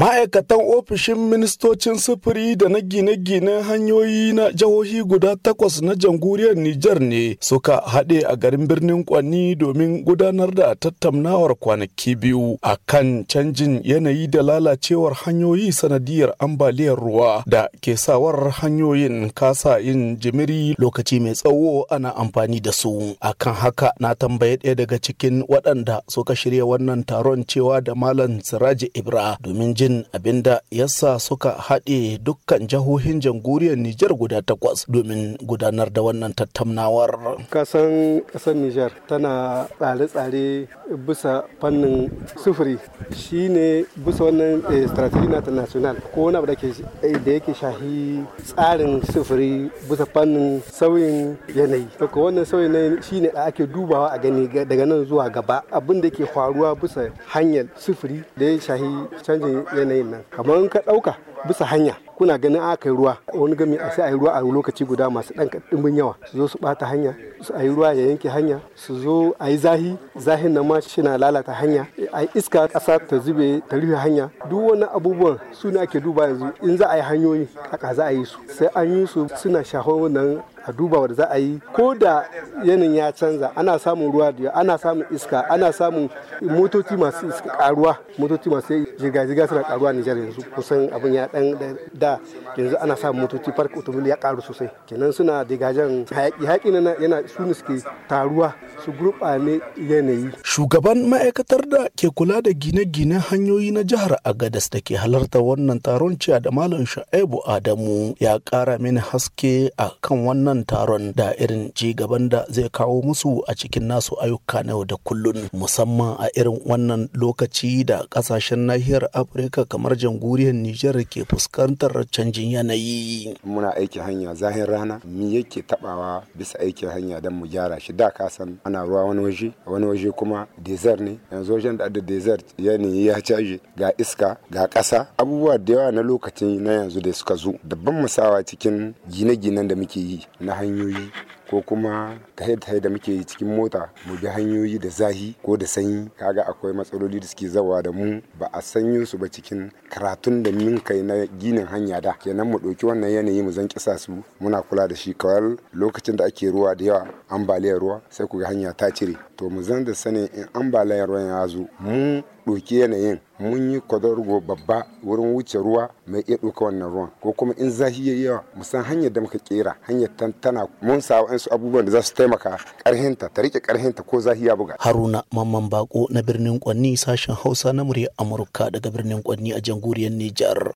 Ma'aikatan ofishin ministocin sufuri da na gine gine hanyoyi na jihohi guda takwas na jamhuriyar Nijar ne suka haɗe a garin birnin Kwanni domin gudanar da tattaunawar kwanaki biyu a kan canjin yanayi da lalacewar hanyoyi sanadiyar ambaliyar ruwa da ke sawar hanyoyin kasa yin jimiri lokaci mai tsawo ana amfani da su. Akan haka na tambaye ɗaya daga cikin waɗanda suka shirya wannan taron cewa da Malam Siraji Ibra domin jin lamarin abinda yasa suka haɗe dukkan jihohin jamhuriyar Nijar guda takwas domin gudanar da wannan tattaunawar. Kasan kasan Nijar tana tsare-tsare bisa fannin sufuri shi ne bisa wannan eh, strategy na international ko wani abu eh, da yake shahi tsarin sufuri bisa fannin sauyin yanayi. Daga wannan sauyin yanayi shi ne da ake dubawa a gani daga nan zuwa gaba abin da ke faruwa bisa hanyar sufuri da ya shahi canjin yanayin nan kamar ka ɗauka bisa hanya kuna ganin aka yi ruwa wani gami a sai a yi ruwa a lokaci guda masu ɗan ɗimbin yawa su zo su bata hanya su a yi ruwa ya yanke hanya su zo a yi zahi zahin nan ma shi na lalata hanya a iska ƙasa ta zube ta rufe hanya duk wani abubuwan su ne ake duba yanzu in za a yi hanyoyi a a yi su sai an yi su suna shahon wannan a duba wanda za a yi ko da yanin ya canza ana samun ruwa da ana samun iska ana samun motoci masu karuwa motoci masu jirga-jirga suna karuwa Nijar yanzu kusan abin ya dan da yanzu ana samun motoci park otomili ya karu sosai kenan suna digajen hayaki hayaki na yana su ne suke taruwa su ne yanayi shugaban ma'aikatar da ke kula da gine gine hanyoyi na jihar Agadas da ke halarta wannan taron ciya da malam Sha'ibu Adamu ya kara mini haske a kan wannan wannan taron da irin ci gaban da zai kawo musu a cikin nasu ayyuka na yau da kullun musamman a irin wannan lokaci da kasashen nahiyar afirka kamar jamhuriyar nijar ke fuskantar canjin yanayi muna aiki hanya zahin rana mi yake tabawa bisa aikin hanya don mu gyara shi da ka san ana ruwa wani waje wani waje kuma desert ne yanzu wajen da da desert yanayi ya caji ga iska ga ƙasa abubuwa da yawa na lokacin na yanzu da suka zo dabban musawa cikin gine-ginen da muke yi na hanyoyi ko kuma ta tahe da muke cikin mota mu bi hanyoyi da zahi ko da sanyi kaga akwai matsaloli da suke zawa da mu ba a sanyo su ba cikin karatun da min kai na ginin hanya da kenan mu ɗauki wannan yanayi mu zan kisa su muna kula da shi kawai lokacin da ake ruwa da yawa ambaliyar ruwa sai ku ga hanya ta cire to mu zan da sanin in ambaliyar ruwa ya zo mu ɗauki yanayin mun yi kwadorgo babba wurin wuce ruwa mai iya ɗauka wannan ruwan ko kuma in zahi ya yawa mu san hanyar da muka kera hanyar tantana mun sa wa'ansu abubuwan da za su taimaka karhinta ta rike karhinta ko zahi ya buga haruna mamman bako na birnin kwanni sashen hausa na murya amurka daga birnin kwanni a jamhuriyar nijar